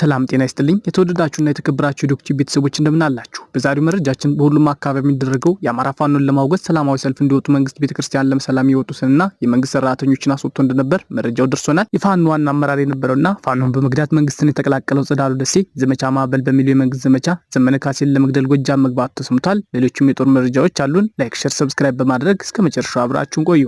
ሰላም ጤና ይስጥልኝ የተወደዳችሁና የተከበራችሁ የዶክቲ ቤተሰቦች አላችሁ? በዛሬው መረጃችን በሁሉም አካባቢ የሚደረገው የአማራ ፋኖን ለማውገዝ ሰላማዊ ሰልፍ እንዲወጡ መንግስት ቤተክርስቲያን ለመሰላም የወጡትንና የመንግስት ሰራተኞችን አስወጥቶ እንደነበር መረጃው ደርሶናል። የፋኖ ዋና አመራር የነበረውና ፋኖን በመግዳት መንግስትን የተቀላቀለው ጽዳሉ ደሴ ዘመቻ ማዕበል በሚል የመንግስት ዘመቻ ዘመነ ካሴን ለመግደል ጎጃም መግባት ተሰምቷል። ሌሎችም የጦር መረጃዎች አሉን። ላይክ፣ ሸር፣ ሰብስክራይብ በማድረግ እስከ መጨረሻው አብራችሁን ቆዩ።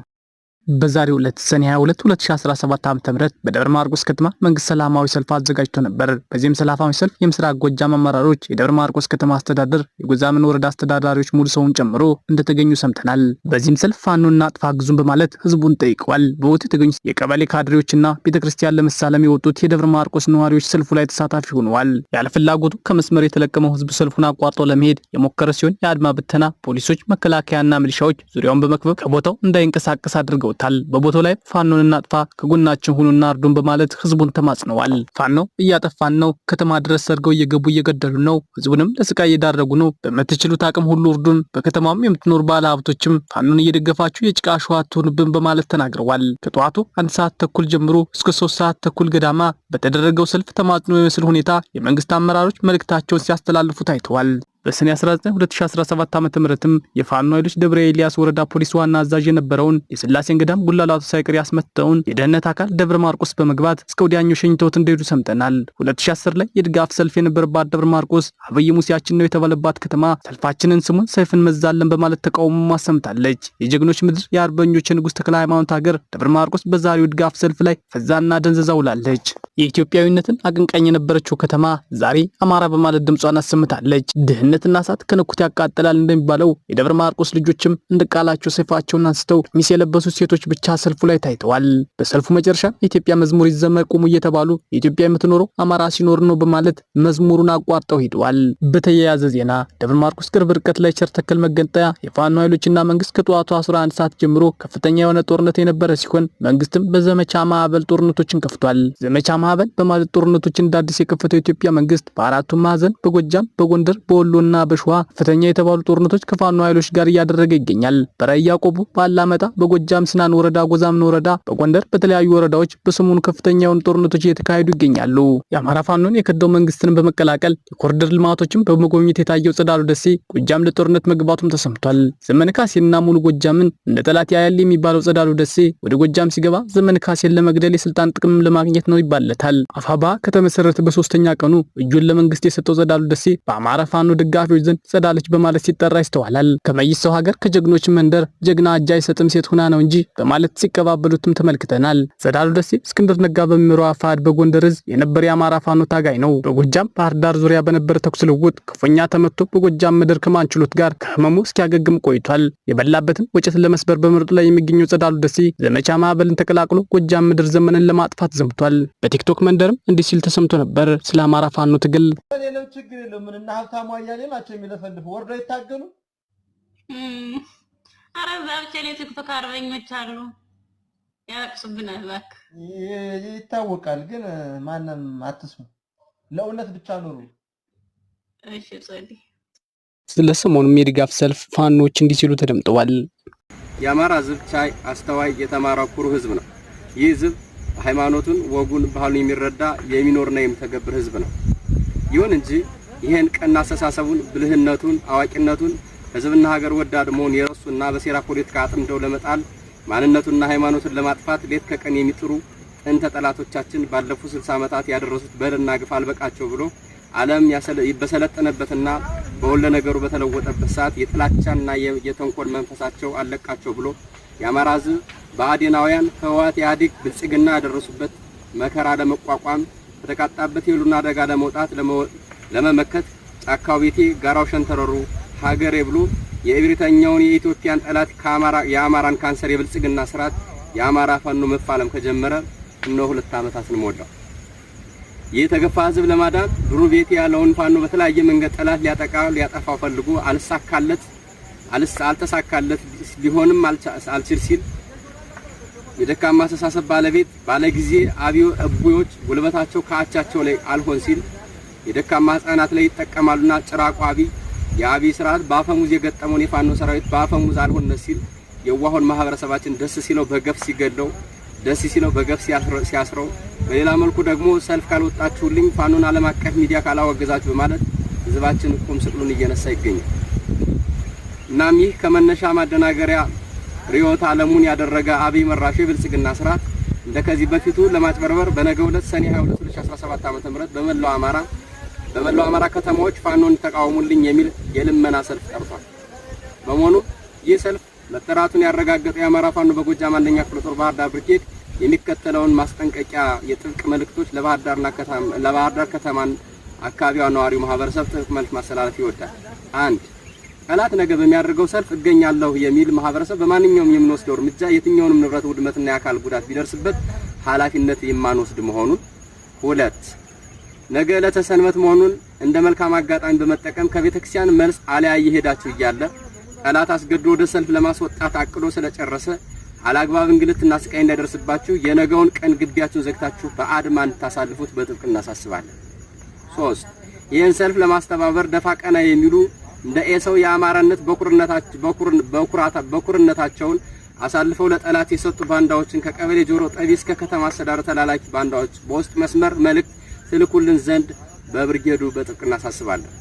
በዛሬ ሁለት ሰኔ 22 2017 ዓ.ም በደብረ ማርቆስ ከተማ መንግስት ሰላማዊ ሰልፍ አዘጋጅቶ ነበር። በዚህም ሰላማዊ ሰልፍ የምስራቅ ጎጃም አመራሮች፣ የደብረ ማርቆስ ከተማ አስተዳደር፣ የጎዛምን ወረዳ አስተዳዳሪዎች ሙሉ ሰውን ጨምሮ እንደተገኙ ሰምተናል። በዚህም ሰልፍ ፋኖና አጥፋ ግዙን በማለት ህዝቡን ጠይቀዋል። በቦታው የተገኙ የቀበሌ ካድሬዎችና ቤተክርስቲያን ለመሳለም የወጡት የደብረ ማርቆስ ነዋሪዎች ሰልፉ ላይ ተሳታፊ ሆነዋል። ያለ ፍላጎቱ ከመስመር የተለቀመው ህዝብ ሰልፉን አቋርጦ ለመሄድ የሞከረ ሲሆን የአድማ ብተና ፖሊሶች፣ መከላከያና ሚሊሻዎች ዙሪያውን በመክበብ ከቦታው እንዳይንቀሳቀስ አድርገውታል። ተናግረውታል። በቦታው ላይ ፋኖን እናጥፋ፣ ከጎናችን ሁኑና እርዱን በማለት ህዝቡን ተማጽነዋል። ፋኖ እያጠፋን ነው፣ ከተማ ድረስ ሰርገው እየገቡ እየገደሉ ነው፣ ህዝቡንም ለስቃይ እየዳረጉ ነው። በምትችሉት አቅም ሁሉ እርዱን። በከተማም የምትኖር ባለ ሀብቶችም ፋኖን እየደገፋችሁ የጭቃ አሸዋ አትሆኑብን በማለት ተናግረዋል። ከጠዋቱ አንድ ሰዓት ተኩል ጀምሮ እስከ ሶስት ሰዓት ተኩል ገዳማ በተደረገው ሰልፍ ተማጽኖ የሚመስል ሁኔታ የመንግስት አመራሮች መልእክታቸውን ሲያስተላልፉ ታይተዋል። በሰኔ 19 2017 ዓ.ም ምረትም የፋኖ ኃይሎች ደብረ ኤልያስ ወረዳ ፖሊስ ዋና አዛዥ የነበረውን የስላሴን ገዳም ጉላላቱ ሳይቅር ያስመተውን የደህንነት አካል ደብረ ማርቆስ በመግባት እስከ ወዲያኛው ሸኝተውት እንደሄዱ ሰምተናል። 2010 ላይ የድጋፍ ሰልፍ የነበረባት ደብረ ማርቆስ አብይ ሙሴያችን ነው የተባለባት ከተማ ሰልፋችንን ስሙን ሰይፍን እንመዛለን በማለት ተቃውሞ አሰምታለች። የጀግኖች ምድር የአርበኞች ንጉሥ ተክለ ሃይማኖት ሀገር ደብረ ማርቆስ በዛሬው ድጋፍ ሰልፍ ላይ ፈዛና ደንዘዛ ውላለች። የኢትዮጵያዊነትን አቀንቃኝ የነበረችው ከተማ ዛሬ አማራ በማለት ድምጿን አሰምታለች። ድህነትና እሳት ከንኩት ያቃጥላል እንደሚባለው የደብረ ማርቆስ ልጆችም እንድቃላቸው ሰይፋቸውን አንስተው ሚስ የለበሱ ሴቶች ብቻ ሰልፉ ላይ ታይተዋል። በሰልፉ መጨረሻ የኢትዮጵያ መዝሙር ይዘመር ቁሙ እየተባሉ የኢትዮጵያ የምትኖረው አማራ ሲኖር ነው በማለት መዝሙሩን አቋርጠው ሄደዋል። በተያያዘ ዜና ደብረ ማርቆስ ቅርብ ርቀት ላይ ቸር ተከል መገንጠያ የፋኖ ኃይሎችና መንግስት ከጠዋቱ 11 ሰዓት ጀምሮ ከፍተኛ የሆነ ጦርነት የነበረ ሲሆን መንግስትም በዘመቻ ማዕበል ጦርነቶችን ከፍቷል። ዘመቻ ማዕበል በማለት ጦርነቶች እንደ አዲስ የከፈተው የኢትዮጵያ መንግስት በአራቱ ማዕዘን በጎጃም፣ በጎንደር፣ በወሎ እና በሸዋ ከፍተኛ የተባሉ ጦርነቶች ከፋኖ ኃይሎች ጋር እያደረገ ይገኛል። በራያ ቆቦ፣ በአላማጣ፣ በጎጃም ስናን ወረዳ፣ ጎዛምን ወረዳ፣ በጎንደር በተለያዩ ወረዳዎች በሰሞኑ ከፍተኛ የሆኑ ጦርነቶች እየተካሄዱ ይገኛሉ። የአማራ ፋኖን የከደው መንግስትን በመቀላቀል የኮሪደር ልማቶችን በመጎብኘት የታየው ጽዳሉ ደሴ ጎጃም ለጦርነት መግባቱም ተሰምቷል። ዘመነ ካሴና ሙሉ ጎጃምን እንደ ጠላት ያያል የሚባለው ጽዳሉ ደሴ ወደ ጎጃም ሲገባ ዘመን ካሴን ለመግደል የስልጣን ጥቅም ለማግኘት ነው ይባላል። ይገኝበታል። አፋባ ከተመሰረተ በሶስተኛ ቀኑ እጁን ለመንግስት የሰጠው ጸዳሉ ደሴ በአማራ ፋኖ ደጋፊዎች ዘንድ ጸዳለች በማለት ሲጠራ ይስተዋላል። ከመይሰው ሀገር ከጀግኖች መንደር ጀግና እጅ አይሰጥም ሴት ሁና ነው እንጂ በማለት ሲቀባበሉትም ተመልክተናል። ጸዳሉ ደሴ እስክንድር ነጋ በሚመራው አፋድ በጎንደር እዝ የነበረ የአማራ ፋኖ ታጋይ ነው። በጎጃም ባህር ዳር ዙሪያ በነበረ ተኩስ ልውውጥ ክፉኛ ተመቶ በጎጃም ምድር ከማንችሎት ጋር ከህመሙ እስኪያገግም ቆይቷል። የበላበትን ወጭት ለመስበር በምርጡ ላይ የሚገኘው ጸዳሉ ደሴ ዘመቻ ማዕበልን ተቀላቅሎ ጎጃም ምድር ዘመንን ለማጥፋት ዘምቷል። በቲክቶክ መንደርም እንዲህ ሲል ተሰምቶ ነበር። ስለ አማራ ፋኖ ትግል ሌለው ችግር የለው ምን እና ሀብታሙ አያሌ ናቸው የሚለፈልፉ ወርዶ ይታገሉ። አረ ዛብቻ ላይ ቲክቶክ አርበኞች አሉ ያለቅሱብናል። ይታወቃል፣ ግን ማንም አትስሙ። ለእውነት ብቻ ኑሩ። እሺ ጸልይ። ስለ ሰሞኑም የድጋፍ ሰልፍ ፋኖች እንዲህ ሲሉ ተደምጠዋል። የአማራ ህዝብ ቻይ፣ አስተዋይ፣ የተማረ ኩሩ ህዝብ ነው። ይህ ህዝብ ሃይማኖቱን፣ ወጉን፣ ባህሉን የሚረዳ የሚኖርና የሚተገብር ህዝብ ነው። ይሁን እንጂ ይህን ቀና አስተሳሰቡን፣ ብልህነቱን፣ አዋቂነቱን ህዝብና ሀገር ወዳድ መሆን የረሱና በሴራ ፖለቲካ አጥምደው ለመጣል ማንነቱንና ሃይማኖቱን ለማጥፋት ሌት ከቀን የሚጥሩ ጥንተ ጠላቶቻችን ባለፉት 60 ዓመታት ያደረሱት በደልና ግፍ አልበቃቸው ብሎ ዓለም በሰለጠነበትና በወለ ነገሩ በተለወጠበት ሰዓት የጥላቻና የተንኮል መንፈሳቸው አለቃቸው ብሎ የአማራ ህዝብ በአዴናውያን ህወሓት ኢህአዴግ ብልጽግና ያደረሱበት መከራ ለመቋቋም ከተቃጣበት የሉና አደጋ ለመውጣት ለመመከት ጫካው ቤቴ ጋራው ሸንተረሩ ሀገሬ ብሎ የእብሪተኛውን የኢትዮጵያን ጠላት የአማራን ካንሰር የብልጽግና ስርዓት የአማራ ፋኖ መፋለም ከጀመረ እነሆ ሁለት ዓመታት እንሞላው። ይህ የተገፋ ህዝብ ለማዳን ድሩ ቤቴ ያለውን ፋኖ በተለያየ መንገድ ጠላት ሊያጠቃ ሊያጠፋው ፈልጎ አልሳካለት አልተሳካለት ሊሆንም አልችል ሲል የደካማ አስተሳሰብ ባለቤት ባለጊዜ አብዮ እቡዮች ጉልበታቸው ከአቻቸው ላይ አልሆን ሲል የደካማ ህጻናት ላይ ይጠቀማሉና ጭራቁ አቢ የአብይ ስርዓት በአፈሙዝ የገጠመውን የፋኖ ሰራዊት በአፈሙዝ አልሆን ሲል የዋሆን ማህበረሰባችን ደስ ሲለው በገፍ ሲገለው ደስ ሲለው በገፍ ሲያስረው፣ በሌላ መልኩ ደግሞ ሰልፍ ካልወጣችሁልኝ ፋኖን ዓለም አቀፍ ሚዲያ ካላወገዛችሁ በማለት ህዝባችን ቁም ስቅሉን እየነሳ ይገኛል። እናም ይህ ከመነሻ ማደናገሪያ ርዕዮተ ዓለሙን ያደረገ አብይ መራሹ የብልጽግና ስርዓት እንደከዚህ በፊቱ ለማጭበርበር በነገ ዕለት ሰኔ 22 2017 ዓ.ም ተምረት በመላው አማራ በመላው አማራ ከተማዎች ፋኖን ተቃውሙልኝ የሚል የልመና ሰልፍ ጠርቷል። በመሆኑ ይህ ሰልፍ መጠራቱን ያረጋገጠው የአማራ ፋኖ በጎጃም አንደኛ ክፍለ ጦር ባህር ዳር ብርጌድ የሚከተለውን ማስጠንቀቂያ የጥብቅ መልእክቶች ለባህር ዳርና ከተማ ለባህር ዳር ከተማን አካባቢዋ ነዋሪው ማህበረሰብ ጥብቅ መልእክት ማስተላለፍ ይወዳል። አንድ ጠላት ነገ በሚያደርገው ሰልፍ እገኛለሁ የሚል ማህበረሰብ በማንኛውም የምንወስደው እርምጃ የትኛውንም ንብረት ውድመትና የአካል ጉዳት ቢደርስበት ኃላፊነት የማንወስድ መሆኑን፣ ሁለት ነገ ዕለተ ሰንበት መሆኑን እንደ መልካም አጋጣሚ በመጠቀም ከቤተክርስቲያን መልስ አለያ እየሄዳችሁ እያለ ጠላት አስገድዶ ወደ ሰልፍ ለማስወጣት አቅዶ ስለጨረሰ አላግባብ እንግልትና ስቃይ እንዳይደርስባችሁ የነገውን ቀን ግቢያችሁን ዘግታችሁ በአድማ እንድታሳልፉት በጥብቅ እናሳስባለን። ሶስት ይህን ሰልፍ ለማስተባበር ደፋ ቀና የሚሉ እንደ ኤሰው የአማራነት በኩርነታቸውን አሳልፈው ለጠላት የሰጡ ባንዳዎችን ከቀበሌ ጆሮ ጠቢ እስከ ከተማ አስተዳደር ተላላኪ ባንዳዎች በውስጥ መስመር መልእክት ትልኩልን ዘንድ በብርጌዱ በጥብቅ እናሳስባለን።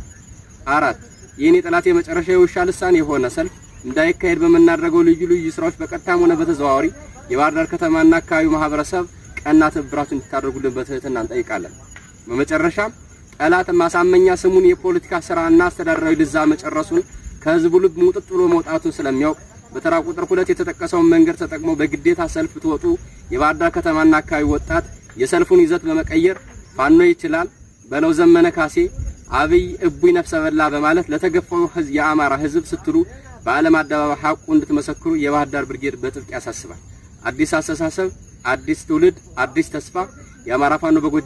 አራት ይህን የጠላት የመጨረሻ የውሻ ልሳን የሆነ ሰልፍ እንዳይካሄድ በምናደርገው ልዩ ልዩ ስራዎች በቀጥታም ሆነ በተዘዋዋሪ የባህር ዳር ከተማና አካባቢው ማህበረሰብ ቀና ትብብራችሁን እንድታደርጉልን በትህትና እንጠይቃለን። በመጨረሻም ጠላት ማሳመኛ ስሙን የፖለቲካ ስራና አስተዳደራዊ ድዛ መጨረሱን ከህዝቡ ልብ ሙጥጥ ብሎ መውጣቱን ስለሚያውቅ በተራ ቁጥር ሁለት የተጠቀሰውን መንገድ ተጠቅሞ በግዴታ ሰልፍ ትወጡ የባህር ዳር ከተማና አካባቢ ወጣት የሰልፉን ይዘት በመቀየር ፋኖ ይችላል በለው ዘመነ ካሴ አብይ እቡይ ነፍሰ በላ በማለት ለተገፋው ህዝብ የአማራ ህዝብ ስትሉ በዓለም አደባባይ ሐቁ እንድትመሰክሩ የባህር ዳር ብርጌድ በጥብቅ ያሳስባል። አዲስ አስተሳሰብ፣ አዲስ ትውልድ፣ አዲስ ተስፋ የአማራ ፋኖ በጎጃም